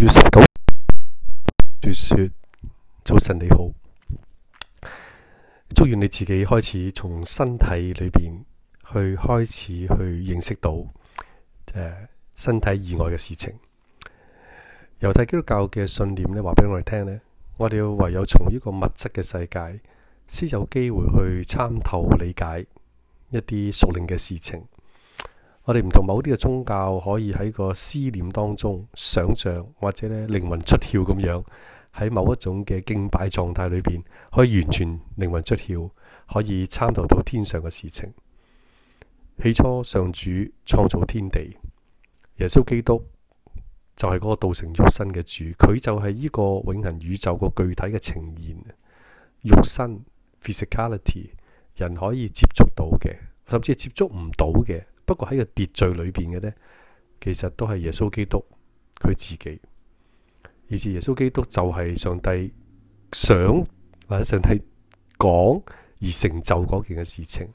月十九，說早晨你好，祝願你自己開始從身體裏邊去開始去認識到、呃、身體以外嘅事情。猶太基督教嘅信念咧，話俾我哋聽呢，我哋要唯有從呢個物質嘅世界先有機會去參透理解一啲屬靈嘅事情。我哋唔同某啲嘅宗教，可以喺個思念當中想象，或者咧靈魂出竅咁樣喺某一種嘅敬拜狀態裏邊，可以完全靈魂出竅，可以參透到天上嘅事情。起初上主創造天地，耶穌基督就係嗰個道成肉身嘅主，佢就係呢個永恆宇宙個具體嘅呈現。肉身 physicality，人可以接觸到嘅，甚至接觸唔到嘅。不過喺個秩序裏邊嘅呢，其實都係耶穌基督佢自己，而是耶穌基督就係上帝想或者上帝講而成就嗰件嘅事情。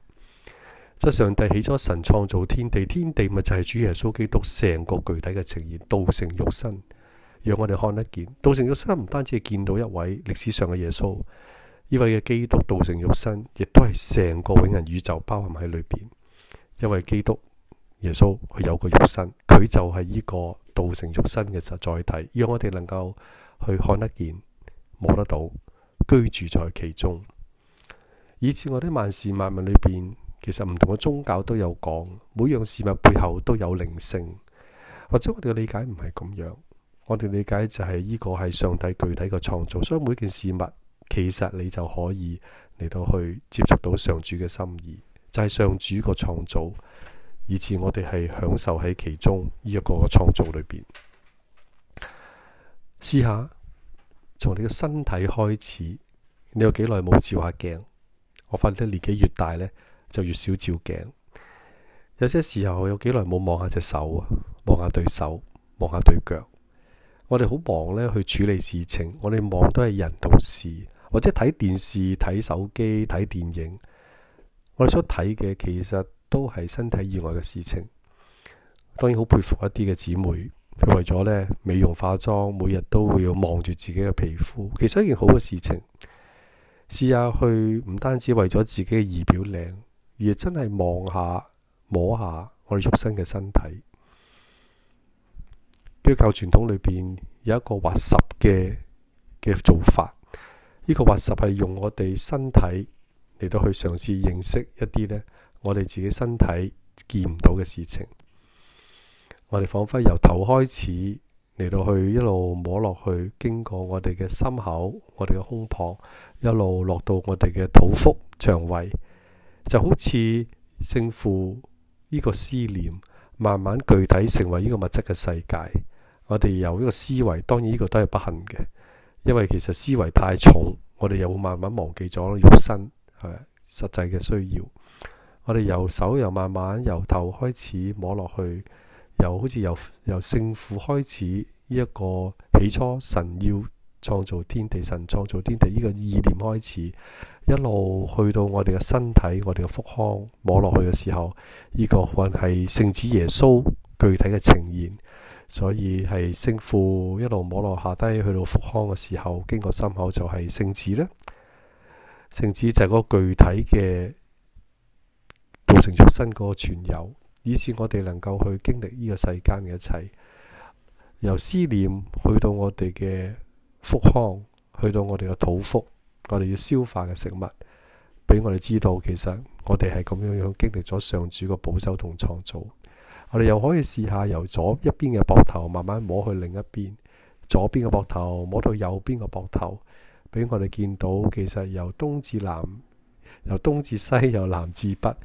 即上帝起初神創造天地，天地咪就係主耶穌基督成個具體嘅呈現，道成肉身，讓我哋看得見。道成肉身唔單止係見到一位歷史上嘅耶穌，呢位嘅基督道成肉身，亦都係成個永恆宇宙包含喺裏邊。因為基督耶穌佢有個肉身，佢就係呢個道成肉身嘅實在體，讓我哋能夠去看得見、摸得到、居住在其中。以至我哋萬事萬物裏邊，其實唔同嘅宗教都有講，每樣事物背後都有靈性，或者我哋嘅理解唔係咁樣，我哋理解就係呢個係上帝具體嘅創造，所以每件事物其實你就可以嚟到去接觸到上主嘅心意。就係上主個創造，以致我哋係享受喺其中呢一個個創造裏邊。試下從你嘅身體開始，你有幾耐冇照下鏡？我發覺年紀越大呢，就越少照鏡。有些時候有幾耐冇望下隻手啊，望下對手，望下對腳。我哋好忙呢去處理事情，我哋望都係人同事，或者睇電視、睇手機、睇電影。我哋所睇嘅其實都係身體以外嘅事情，當然好佩服一啲嘅姊妹，佢為咗呢美容化妝，每日都會要望住自己嘅皮膚，其實一件好嘅事情。試下去唔單止為咗自己嘅儀表靚，而真係望下摸下我哋肉身嘅身體。呢個舊傳統裏邊有一個滑濕嘅嘅做法，呢、這個滑濕係用我哋身體。嚟到去嘗試認識一啲呢，我哋自己身體見唔到嘅事情。我哋仿佛由頭開始嚟到去一路摸落去，經過我哋嘅心口，我哋嘅胸脯，一路落到我哋嘅肚腹、腸胃，就好似勝負呢個思念，慢慢具體成為呢個物質嘅世界。我哋由呢個思維，當然呢個都係不幸嘅，因為其實思維太重，我哋又會慢慢忘記咗肉身。實際嘅需要，我哋由手又慢慢由頭開始摸落去，由好似由由聖父開始呢一個起初神要創造天地，神創造天地呢個意念開始，一路去到我哋嘅身體，我哋嘅腹腔摸落去嘅時候，呢個運係聖子耶穌具體嘅呈現，所以係聖父一路摸落下低，去到腹腔嘅時候，經過心口就係聖子呢。聖子就係嗰個具體嘅造成出生嗰個存有，以至我哋能夠去經歷呢個世間嘅一切，由思念去到我哋嘅腹腔，去到我哋嘅肚腹，我哋要消化嘅食物，俾我哋知道其實我哋係咁樣樣經歷咗上主嘅保守同創造。我哋又可以試下由左一邊嘅膊頭慢慢摸去另一邊，左邊嘅膊頭摸到右邊嘅膊頭。俾我哋見到，其實由東至南，由東至西，由南至北，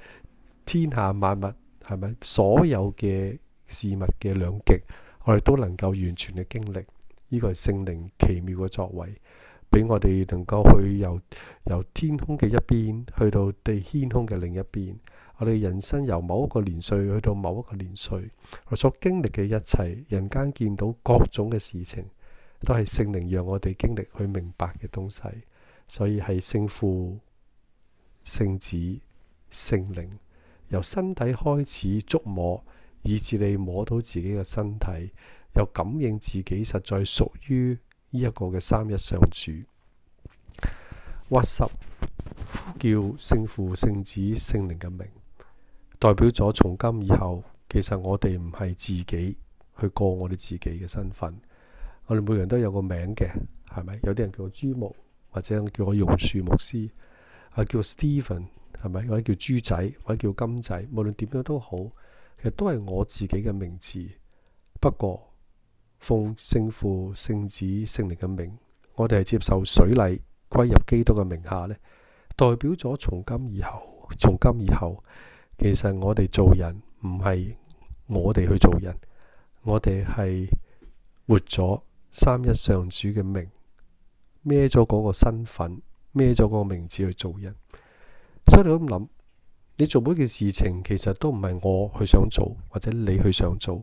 天下萬物係咪？所有嘅事物嘅兩極，我哋都能夠完全嘅經歷。呢個係聖靈奇妙嘅作為，俾我哋能夠去由由天空嘅一邊去到地天空嘅另一邊。我哋人生由某一個年歲去到某一個年歲，我所經歷嘅一切，人間見到各種嘅事情。都係聖靈讓我哋經歷去明白嘅東西，所以係聖父、聖子、聖靈由身體開始觸摸，以至你摸到自己嘅身體，又感應自己實在屬於呢一個嘅三一上主。屈膝呼叫聖父、聖子、聖靈嘅名，代表咗從今以後，其實我哋唔係自己去過我哋自己嘅身份。我哋每人都有個名嘅，係咪？有啲人叫我朱木，或者叫我榕樹牧師，啊，叫 Steven，係咪？或者叫朱仔，或者叫金仔，無論點樣都好，其實都係我自己嘅名字。不過奉聖父、聖子、聖靈嘅名，我哋係接受水禮歸入基督嘅名下咧，代表咗從今以後，從今以後，其實我哋做人唔係我哋去做人，我哋係活咗，三一上主嘅名孭咗嗰個身份，孭咗嗰個名字去做人，所以你咁諗，你做每件事情其實都唔係我去想做，或者你去想做，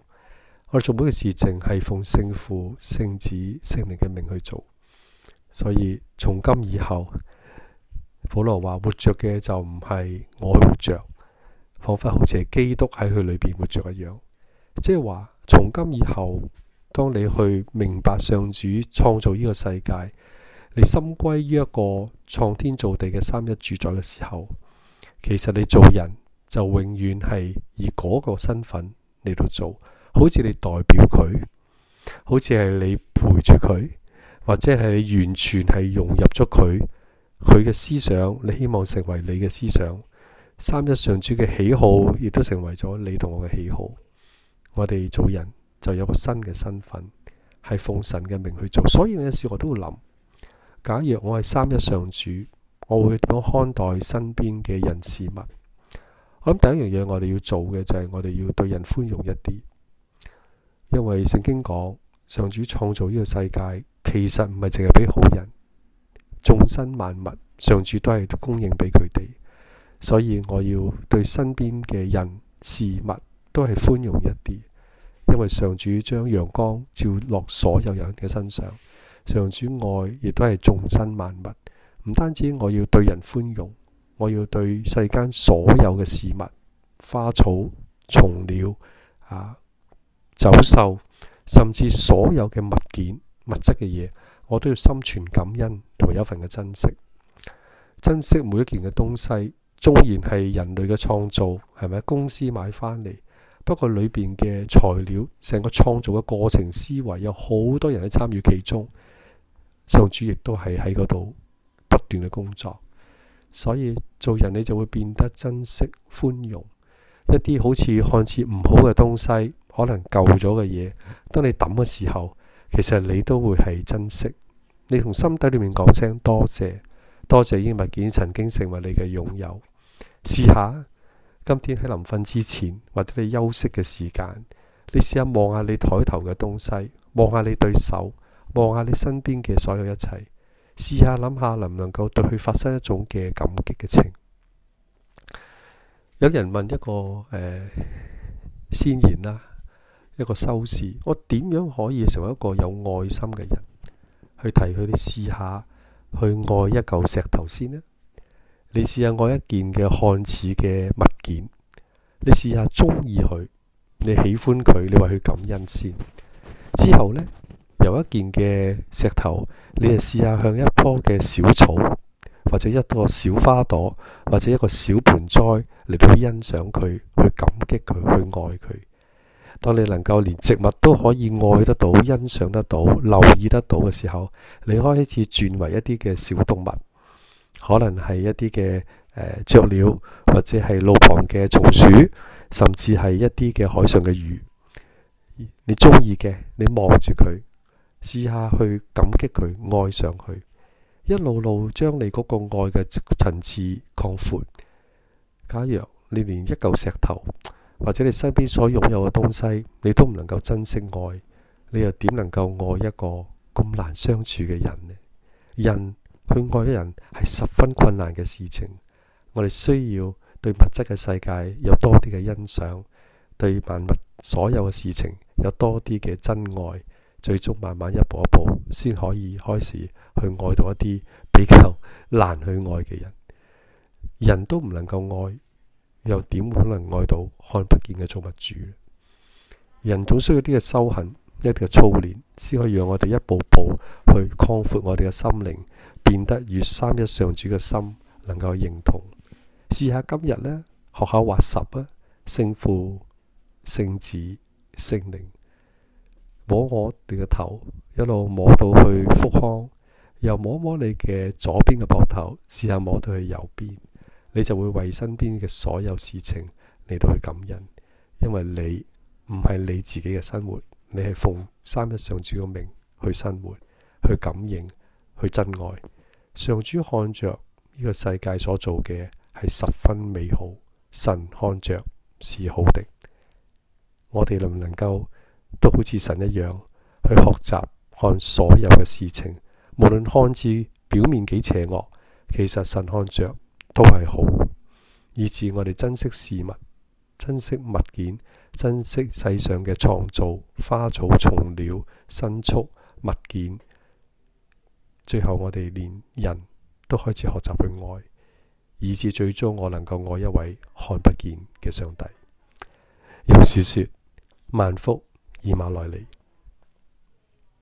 我做每件事情係奉聖父、聖子、聖靈嘅名去做。所以從今以後，保羅話活着嘅就唔係我去活着，仿佛好似基督喺佢裏邊活着一樣。即係話從今以後。當你去明白上主創造呢個世界，你深歸於一個創天造地嘅三一主宰嘅時候，其實你做人就永遠係以嗰個身份嚟到做好似你代表佢，好似係你陪住佢，或者係你完全係融入咗佢，佢嘅思想你希望成為你嘅思想，三一上主嘅喜好亦都成為咗你同我嘅喜好，我哋做人。就有個新嘅身份，係奉神嘅命去做，所以有時我都會諗。假如我係三一上主，我會點樣看待身邊嘅人事物？我諗第一樣嘢我哋要做嘅就係、是、我哋要對人寬容一啲，因為聖經講上主創造呢個世界，其實唔係淨係俾好人，眾生萬物上主都係供應俾佢哋，所以我要對身邊嘅人事物都係寬容一啲。因為上主將陽光照落所有人嘅身上，上主愛亦都係眾生萬物，唔單止我要對人寬容，我要對世間所有嘅事物、花草、蟲鳥、啊走獸，甚至所有嘅物件、物質嘅嘢，我都要心存感恩同一份嘅珍惜，珍惜每一件嘅東西，縱然係人類嘅創造，係咪公司買翻嚟？不過裏邊嘅材料，成個創造嘅過程思維，有好多人喺參與其中，上主亦都係喺嗰度不斷嘅工作，所以做人你就會變得珍惜、寬容一啲好似看似唔好嘅東西，可能舊咗嘅嘢，當你抌嘅時候，其實你都會係珍惜，你從心底裏面講聲多謝，多謝呢啲物件曾經成為你嘅擁有，試下。今天喺臨瞓之前，或者你休息嘅時間，你試下望下你抬頭嘅東西，望下你對手，望下你身邊嘅所有一切，試下諗下能唔能夠對佢發生一種嘅感激嘅情。有人問一個誒、呃、先言啦，一個修士，我點樣可以成為一個有愛心嘅人？去提佢哋試下去愛一嚿石頭先呢？」你試下愛一件嘅看似嘅物件，你試下中意佢，你喜歡佢，你為佢感恩先。之後呢，由一件嘅石頭，你就試下向一棵嘅小草，或者一個小花朵，或者一個小盆栽嚟到欣賞佢，去感激佢，去愛佢。當你能夠連植物都可以愛得到、欣賞得到、留意得到嘅時候，你可以開始轉為一啲嘅小動物。可能係一啲嘅、呃、雀鳥，或者係路旁嘅松鼠，甚至係一啲嘅海上嘅魚。你中意嘅，你望住佢，試下去感激佢，愛上佢，一路路將你嗰個愛嘅層次擴闊。假若你連一嚿石頭，或者你身邊所擁有嘅東西，你都唔能夠珍惜愛，你又點能夠愛一個咁難相處嘅人呢？人。去愛一人係十分困難嘅事情，我哋需要對物質嘅世界有多啲嘅欣賞，對萬物所有嘅事情有多啲嘅真愛，最終慢慢一步一步，先可以開始去愛到一啲比較難去愛嘅人。人都唔能夠愛，又點可能愛到看不見嘅造物主？人總需要啲嘅修行。一個操練，先可以讓我哋一步步去擴闊我哋嘅心靈，變得與三一上主嘅心能夠認同。試下今日呢，學校畫十啊，聖父、聖子、聖靈摸我哋嘅頭，一路摸到去腹腔，又摸摸你嘅左邊嘅膊頭，試下摸到去右邊，你就會為身邊嘅所有事情嚟到去感恩，因為你唔係你自己嘅生活。你係奉三一上主嘅名去生活、去感應、去真愛。上主看着呢個世界所做嘅係十分美好，神看着是好的。我哋能唔能夠都好似神一樣去學習看所有嘅事情，無論看似表面幾邪惡，其實神看着都係好，以至我哋珍惜事物。珍惜物件，珍惜世上嘅創造，花草、蟲鳥、牲畜物件。最後我哋連人都開始學習去愛，以至最終我能夠愛一位看不見嘅上帝。有小說，萬福，以馬內利》。